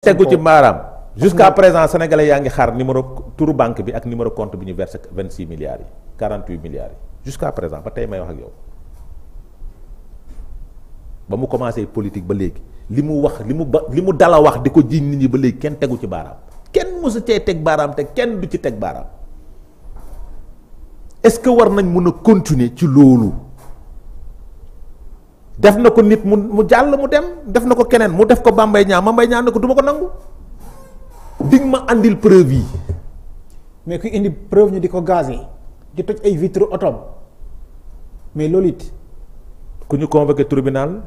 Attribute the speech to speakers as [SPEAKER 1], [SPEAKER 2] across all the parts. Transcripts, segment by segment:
[SPEAKER 1] tegu ci maaraam
[SPEAKER 2] jusqu'à présent sénégalais yaa ngi xaar numéro turu banque bi ak numéro compte bi ñu versé vingt six milliards yi quarante huit milliards yi jusqu'à présent ba tey may wax ak yow ba mu commencé politique ba léegi li mu wax li mu ba li mu dala wax di ko jiiñ nit ñi ba léegi kenn tegu ci baaraam kenn mosu cee teg baaraam te kenn du ci teg baaraam est-ce que war nañ mën a continuer ci loolu def na ko nit mu mu jàll mu dem def na ko keneen mu def ko Bambey ñaa Bambey ñaa na ko du ma ko nangu
[SPEAKER 1] dig ma indil preuve yi. mais ku indi preuve ñu di ko gazé di toj ay vitre otom mais loolu it. ku
[SPEAKER 2] ñu convoqué tribinal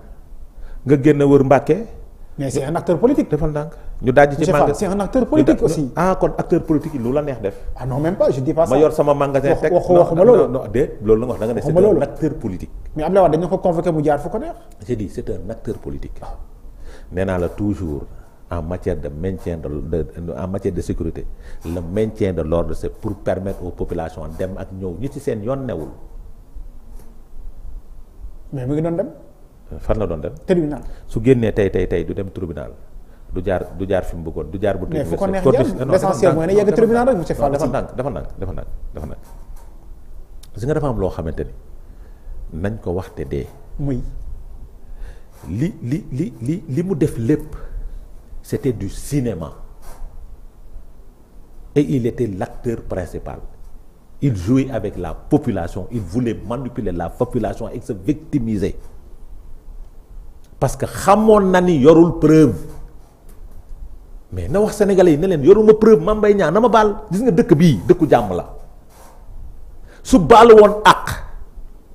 [SPEAKER 2] nga génn wër Mbàkke.
[SPEAKER 1] mais c'est un acteur politique defal ndànk
[SPEAKER 2] ñu daj ci magasin c'est un
[SPEAKER 1] acteur politique aussi.
[SPEAKER 2] ah kon acteur politique lu la neex def.
[SPEAKER 1] ah non même pas je dis ma yor sama magasin teg waxu waxuma loolu non
[SPEAKER 2] de loolu la nga wax da nga ne c'est un acteur politique.
[SPEAKER 1] mais Abdoulaye Wade dañu ko convoqué mu jaar fu ko neex.
[SPEAKER 2] c'est un acteur politique. Ah. nee naa la toujours en matière de maintien de de en matière de sécurité le maintien de l'ordre c'est pour permettre aux populations dem ak ñëw ñi ci seen yoon newul. mais mu ngi doon dem. fan la doon dem. tribunal su génnee tey tey tey du dem tribunal. du jaar du jaar fi mu bëggoon du jaar. bu tëj mais ko neex jàll l'essentiel mooy ne yegg tribunal rek monsieur Fall. dafa ndànk dafa ndànk dafa ndànk dafa ndànk parce que dafa am loo xamante ni nañ ko waxte dee. muy. li li li li li mu def lépp c'était du cinéma et il était l'acteur principal. il jouait avec la population il voulait manipuler la population et se victimiser parce que xamoon na ni yorul preuve. mais na wax sénégalais yi ne leen yoruma preuve Mame ñaa na ma baal dis nga dëkk bii dëkku jàmm la su baalu woon àq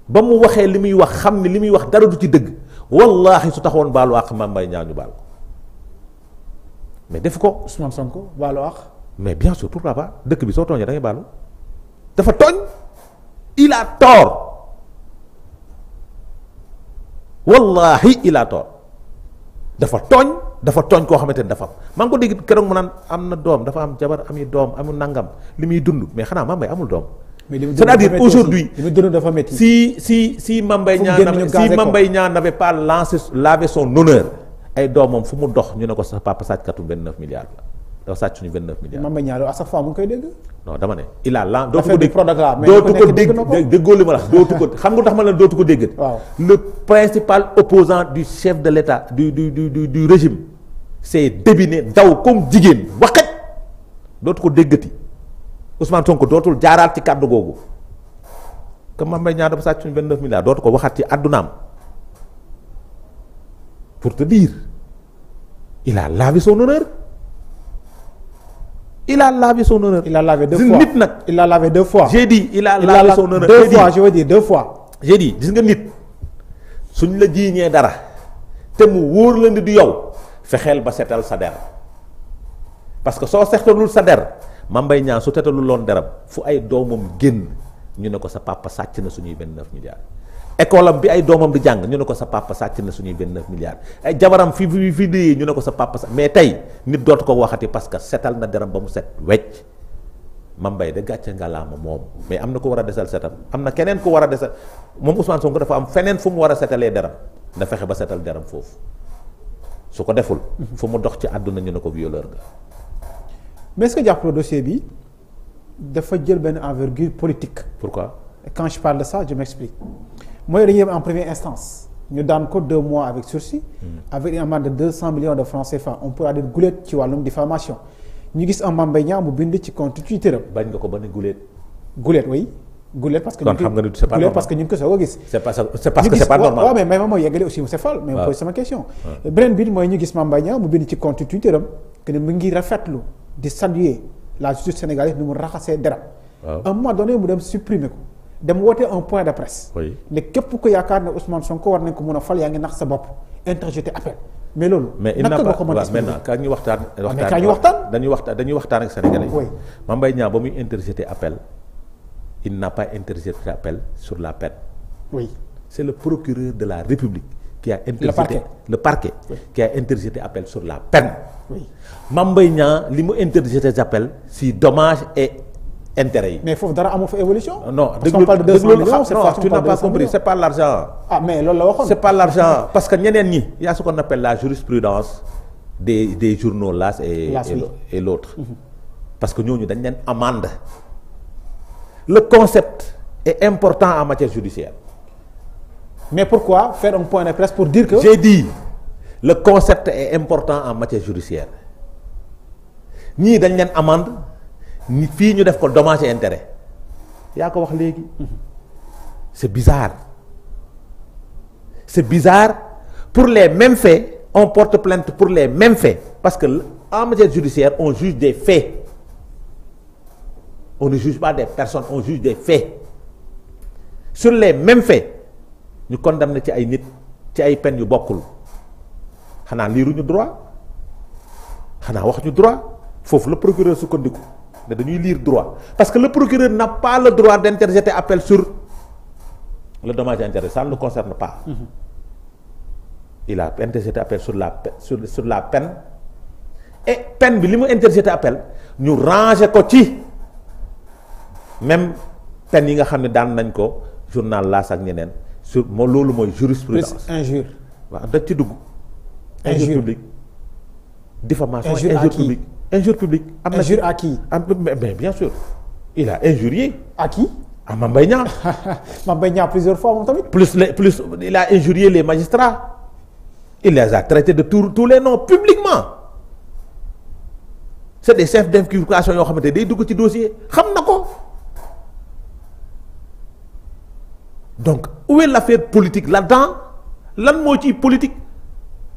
[SPEAKER 2] ba mu waxee li muy wax xam ne li muy wax dara du ci dëgg wallaahi su taxawoon baalu àq Mame Mbaye Niang ñu baal ko mais def ko. Ousmane Sonko baalu àq. mais bien sûr pourquoi pas dëkk bi soo tooñee da ngay baalu dafa tooñ il a tort wallaahi il a dafa tooñ. dafa tooñ koo xamante ni dafa am ngi ko dégg keroog mu naan am na doom dafa am jabar ami doom amu nangam li muy dund mais xanaa Mame Mbaye amul doom
[SPEAKER 1] c'est-à-dire aujourd'hui si si si Mame Mbaye Niang si Mame Mbaye
[SPEAKER 2] Niang n'avait pas lancé lavé son honneur ay doomam fu mu dox ñu ne ko sa papa sàccatu 29 milliards la dafa sàcc suñu 29 milliards.
[SPEAKER 1] Mame Mbaye Niang à chaque fois mu ngi koy dégg.
[SPEAKER 2] non dama ne il a lan dootu ko dégg dootu ko dégg déggoo li ma la dootu ko xam nga tax ma la dootu ko dégg. waaw le principal opposant du chef de l'état du du du du du régime c'est débiné daw comme jigéen waxat dootu ko déggati Ousmane Sonko dootul jaaraat ci kàddu googu que Mame Mbaye Niang dafa sàcc suñu 29 milliards dootu ko waxaat ci àddunaam
[SPEAKER 1] pour te dire il a lavé son honneur. il a lavé son honneur. il a lavé deux fois nit nag. il a lavé deux fois. j'ai dit il
[SPEAKER 2] fois je veux gis nga nit suñ la jiiñee dara te mu wóor la ni du yow fexeel ba setal sa der parce que soo setalul sa der Mame Mbaye Niang su tetalul loon deram fu ay doomam génn ñu ne ko sa papa sàcc na suñuy benn neuf milliards. école am bi ay doomam di jàng ñu ne ko sa papa sàcc na suñuy 29 milliards ay jabaram fi fi fi dee ñu ne ko sa papa sa mais tey nit dootu ko waxati parce que setal na deram ba mu set wecc Mame mbay de gàcce ngalaama moom mais am na ko war a desal setam am na keneen ko war a desal moom Ousmane Sonko dafa am feneen fu war a setalee deram na fexe ba setal deram foofu su ko deful. fu mu dox ci àdduna ñu ne ko violeur nga.
[SPEAKER 1] mais est-ce que dossier bi dafa jël benn envergure politique. pourquoi. Et quand je parle de ça je m'explique. mooy dañuy yem en première instance ñu daan ko deux mois avec sursis hmm. avec de deux millions de francs CFA on pourra dire gulet ci wàllum diffamation ñu gis am Mame mu bind ci constitution bañ nga ko ba ne gulet gulet oui gulet parce que kon xam nga ni c'est pas normal parce que ñu ngi ko soog a gis
[SPEAKER 2] c'est parce que c'est waaw mais
[SPEAKER 1] mais mooy yeggale aussi Moussa Fall mais mu pose beneen bi mooy ñu gis Mame mu bind ci constitution tëram mu ngi rafetlu di saluer la justice sénégalaise ni mu raxasee deram à un ko dem woote un point de presse. ne képp ku yaakaar ne Ousmane ko war nañ ko mun a fal yaa ngi nax sa bopp interjeté appel mais loolu. a expliqué mais
[SPEAKER 2] kaa ñu waxtaan. Ah, waxtaan waxtaan dañuy waxtaan dañuy waxtaan ak sénégalais yi. appel sur la peine. oui c'est le procureur de la République. qui a interjeté le parquet, le sur la peine. oui Mame Mbaye li mu interjeté appel si dommage et. intérêt yi.
[SPEAKER 1] mais foofu dara amoo fa évolution. non déglu déglu non tu pas l'argent. ah mais loolu la waxoon. c'est pas l'argent
[SPEAKER 2] parce que ñeneen ñi y a ce qu'on la jurisprudence des des journaux l'As et et l'autre mhm. parce que ñooñu dañ leen amande le concept est important en matière judiciaire. mais pourquoi faire un point de presse pour dire que. j'ai dit le concept et important en matière judiciaire ñii dañ leen amende. nit fii ñu def ko dommage intérêt yaa ko wax léegi c'est bizarre c'est bizarre pour les mêmes faits on porte plainte pour les mêmes faits parce que en matière judiciaire on juge des faits on ne juge pas des personne on juge des faits sur les mêmes faits ñu na ci ay nit ci ay peines yu bokkul xanaa liiruñu droit xanaa wax ñu droit foofu la procureur sukkandiku ne dañuy liir droit parce que le procureur n'a pas le droit d'interjeter appel sur le dommage intérêt ça ne le concerne pas. Mmh. il a appel sur la sur, sur la peine et peine bi li mu interjeté appel ñu ranger ko ci même peine yi nga xam ne daan nañ ko journal laas ak ñeneen sur moo loolu mooy jurisprudence injure waaw da ci dugg injure publique diffamation injure publique. am na injure à qui am mais bien sûr il a injurié. à qui à Mame Mbaye Niang. Mame Mbaye Niang plusieurs fois moom tamit. plus les plus il a injurié les magistrats il les a traités de tous tous les noms publiquement c'est des chefs d'inculpation yoo xamante day dugg ci dossier xam na ko donc où est l'affaire politique là
[SPEAKER 1] lan moo ciy politique.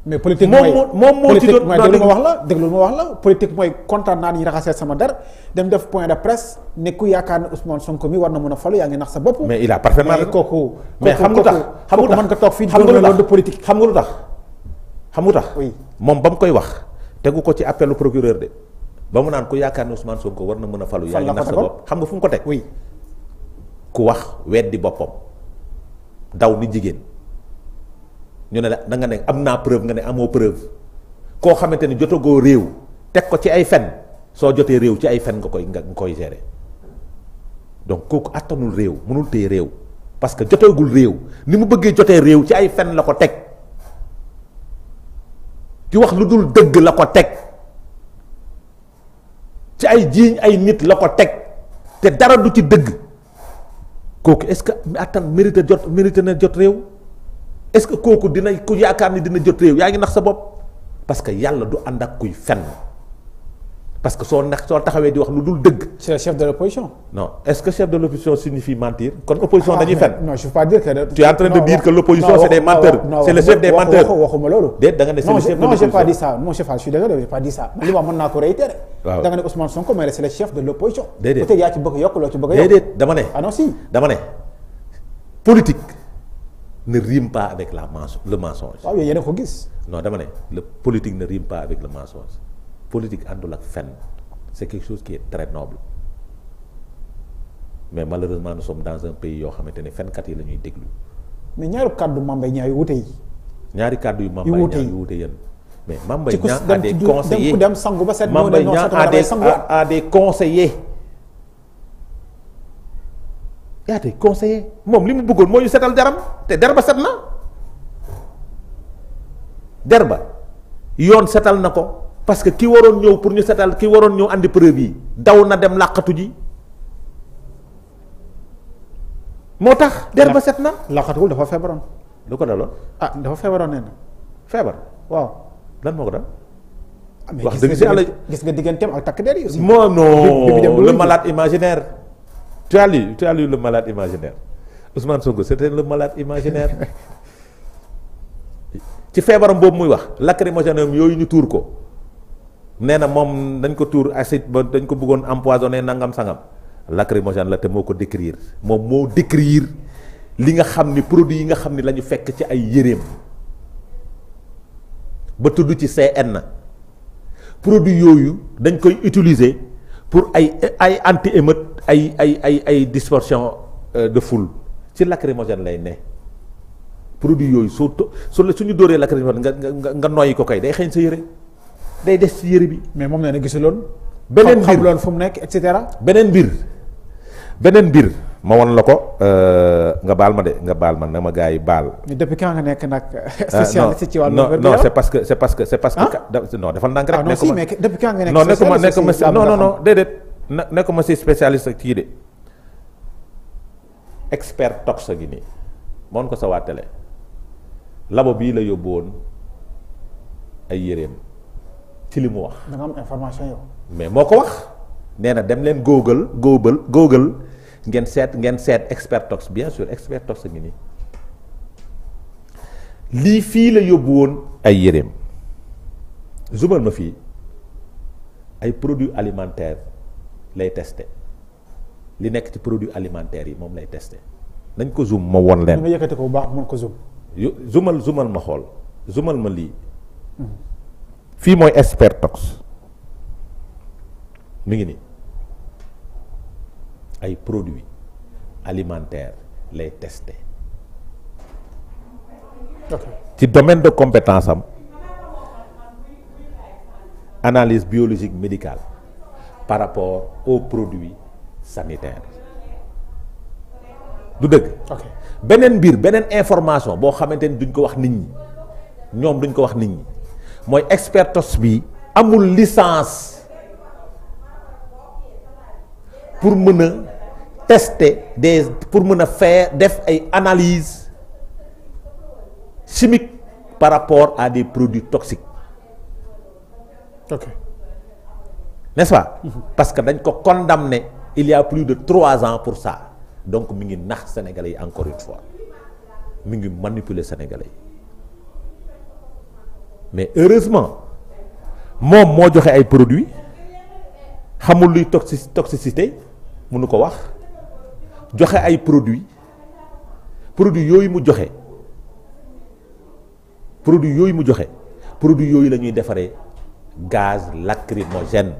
[SPEAKER 1] mais politique mooy moom moo ci doon déglu ma wax la déglu ma wax la politique mooy kontaan naa ñu raxasee sama der dem def point de presse ne ku yaakaar ne Ousmane Sonko mi war na mën a falu yaa ngi nax sa bopp. a parfaitement mais kooku. mais xam nga tax nga mën nga toog fii xam nga lu politique xam nga lu xam nga tax moom ba mu koy wax tegu ko ci appelu
[SPEAKER 2] procureur de ba mu naan ku yaakaar ne Ousmane Sonko war na mën a falu. yaa ngi ko teg. ku wax weddi boppam daw ni jigéen ñu ne la da nga ne am naa preuve nga ne amoo preuve koo xamante ni jotagoo réew teg ko ci ay fen soo jotee réew ci ay fen nga koy nga koy gérer donc kooku attanul réew mënul téye réew parce que jotagul réew ni mu bëggee jotee réew ci ay fen la ko teg ci wax lu dul dëgg la ko teg ci ay jiiñ ay nit la ko teg te dara du ci dëgg kooku est-ce que attan mérite jot mérite na jot réew est-ce que kooku dina ku yaakaar ni dina jot réew yaa ngi nax sa bopp parce que yàlla du ànd ak kuy fenn parce que soo nax soo taxawee di wax lu dul dëgg. c'est le chef de l'opposition. non est-ce que chef de l'opposition signifie mentir. kon opposition ah, dañuy fenn.
[SPEAKER 1] non je de dire que l'opposition c'est des menteurs. c'est chef de l'opposition li ma mën naa ko réitérer. waaw da nga ne Ousmane Sonko mais c'est chef de l'opposition. déedéet peut
[SPEAKER 2] dama ne. Ah dama ne politique ne rime pas avec la mens le mensonge. waaw yéen a ko gis. non dama ne le politique ne rime pas avec le mensonge politique àndul ak fenn c' est quelque chose qui très noble mais malheureusement nous sommes dans un pays yoo xamante ne fenkat yi la ñuy déglu.
[SPEAKER 1] mais ñaari kàddu Mambay ñaar yu wute yi.
[SPEAKER 2] ñaari kàddu yu Mambay ñaar yu wute yéen. mais Mambay ñaar a ku dem sangu ba set. Mambay ñaar a des conseillers. yaa tey conseiller moom li mu bëggoon moo ñu setal deram te der ba set na der ba yoon setal na ko parce que ki waroon ñëw pour ñu setal ki waroon ñëw andi preuve yi daw na dem làqatu ji
[SPEAKER 1] moo tax der ba set na làqatuwul dafa feebaroon lu ko daloon ah dafa feebaroon nee feebar waaw lan moo ko dal ah, wax dëgg si yàlla gis nga digganteem ak takk der yi aussi moo non le malade
[SPEAKER 2] imaginaire tu as lu tu as lu le malade imaginaire Ousmane Sonko c'était le malade imaginaire ci feebaram boobu muy wax lacrymogène yooyu ñu tuur ko nee na moom dañ ko tuur acide ba dañ ko buggoon empoisonné nangam sangam lacrymogène la te moo ko décrire moom moo décrire li nga xam ni produit yi nga xam ni la ñu fekk ci ay yéreem ba tudd ci CN produit yooyu dañ koy utiliser. pour ay ay anti émeute ay ay ay ay dispersion euh, de foule ci lacrymogène lay ne produit yooyu soo to su suñu dóoree lacrymogène nga nga nga noyyi ko koy day xeeñ sa yére day des ci yëre bi. mais
[SPEAKER 1] moom nee na gisuloon. beneen mbir xamuloon fu mu nekk et
[SPEAKER 2] beneen mbir beneen mbir. ma won la ko euh, nga baal ma de nga baal ma na ma gars yi baal.
[SPEAKER 1] depuis quand nga nekk nag. Euh, spécialiste ci wàllu wér non c' est
[SPEAKER 2] parce que c' est parce que c' est parce que. Ah? non defal ndànk rek. Ah, nekkuma mais depuis quand nga nekk spécialiste ci non non nekkuma si spécialiste kii de expert tox gi nii. moon ko sa waa labo bii la yóbbu woon ay yéreem ci li mu wax.
[SPEAKER 1] am information
[SPEAKER 2] mais moo ko wax nee na dem leen googal googal googal. ngeen seet ngeen seet Expertox bien sûr Expertox a ngi nii lii fii la yóbbu woon ay yéreem zoomal ma fii ay produits alimentaire lay testé li nekk ci produit alimentaire yi moom lay testé nañ ko zoom ma won leen. nga yëkkati ko bu baax mën ko zoom. zoomal zoomal ma xool zoomal ma lii. Mhm. fii mooy Expertox mu ngi nii. ay produits alimentaires lay tester ci domaine de compétence am analyse biologique médicale par rapport aux produits sanitaires du dëgg beneen mbir beneen information boo xamante ni duñ ko wax nit ñi ñoom duñ ko wax nit ñi mooy expertos bi amul lisance pour mën a tester des pour mën a faire def ay analyses chimique par rapport à des produits toxiques. ok n'est-ce pas. Mhm. parce que dañ ko condamné il y a plus de trois ans pour ça donc mi ngi nax sénégalais yi encore une fois mi ngi manipuler sénégalais yi mais heureusement moom moo joxe ay produits xamul luy toxi toxicité. mënu ko wax joxe ay produits produits yooyu mu joxe produits yooyu mu joxe produits yooyu la ñuy defaree gaz lacrymogène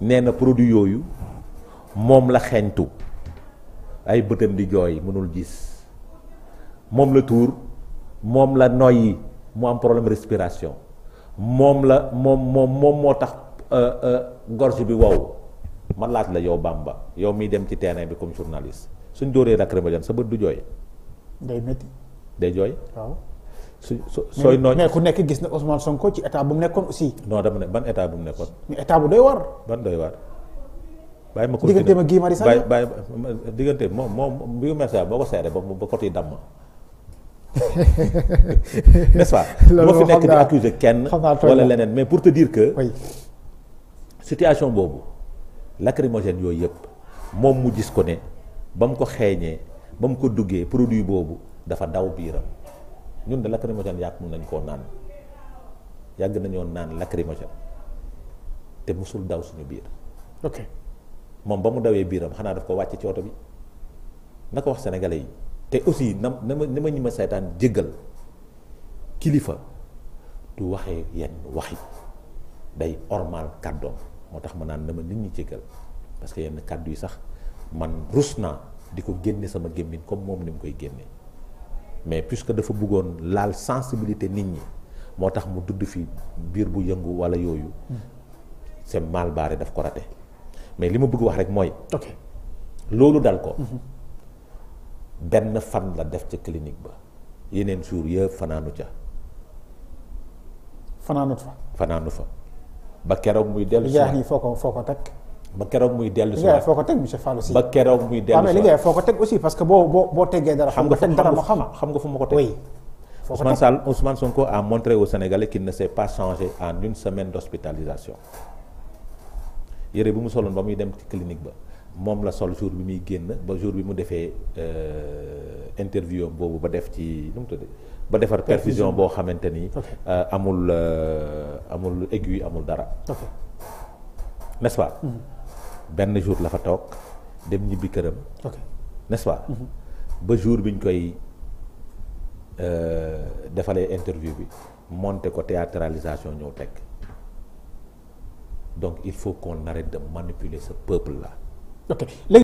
[SPEAKER 2] nee na produit yooyu moom la xeeñtu ay bëtam di jooy mënul gis moom la tuur moom la noyyi mu am problème respiration moom la moom moom moom moo tax euh, euh, gorge bi wow man laaj la yow Bamba yow mi dem ci terrain bi comme journaliste suñ dóoree lacrymogène sa bët du jooy.
[SPEAKER 1] day métti. day jooy. su sooy. nooñ mais ku nekk gis na Ousmane ko ci état bu mu nekkoon aussi. non dama ne ban état bu mu nekkoon. bu doy war. ban doy war. bàyyi ma continué diggante ma Guy Marius Sagna
[SPEAKER 2] bàyyi bàyyi diggante moom moom bi mu boo ko seeree ba ba côté damm.
[SPEAKER 1] n'est-ce pas. loolu fi nekk di accuser kenn. wala
[SPEAKER 2] leneen mais pour te dire que. situation boobu. lacrymogène yooyu yëpp moom mu gis ko ne ba mu ko xeeñee ba mu ko duggee produit boobu dafa daw biiram ñun de lacrymogène yàq mun nañ koo naan yàgg nañoo naan lacrymogène te musul daw suñu biir. ok moom ba mu dawee biiram xanaa daf ko wàcce ci oto bi na ko wax sénégalais yi te aussi na na ma na ma ñi ma saytaan kilifa du waxee yenn waxi day ormal kàddoom. moo tax ma naan dama nit ñi jéggal parce que yenn kàddu yi sax man rus naa di ko génne sama gémmiñ comme moom ni mu koy génne mais puisque dafa bëggoon laal sensibilité nit ñi moo tax mu dudd fi biir bu yëngu walla yooyu c'est mal barré daf ko rate mais li ma bëgg wax rek mooy ok loolu dal ko mhm. benn fan la def ca clinique ba yeneen jour yëpp fanaanu ca fanaanu fa fanaanu fa ba keroog muy dellu si waat
[SPEAKER 1] foo ko foo ko teg.
[SPEAKER 2] ba keroog muy dellu si waat foo ko
[SPEAKER 1] teg monsieur Fall aussi. ba
[SPEAKER 2] keroog muy dellu ah, si waat waaw mais liggéey foo
[SPEAKER 1] ko teg aussi parce que boo boo boo teggee dara. xam nga fu dara ma xam xam nga fu ma ko teg oui. foo ko teg Ousmane Sall
[SPEAKER 2] Ousmane Sonko a montré aux Sénégalais qu'il ne s'est pas changé en une semaine d'hospitalisation yére bu mu soloon ba muy dem ci clinique ba moom la sol jour bi muy génn ba jour bi mu defee. Euh, interview am boobu ba def ci nu mu ba defar perfusion boo xamante ni. Euh, amul euh, amul aiguille amul dara. n'est-ce mhm. benn jour la fa toog dem ñibbi këram. n'est-ce pas. Mhm. ba jour biñ koy euh, defalee interview bi monté ko théâtralisation ñëw teg donc il faut qu'on arrête de manipuler ce peuple
[SPEAKER 1] là.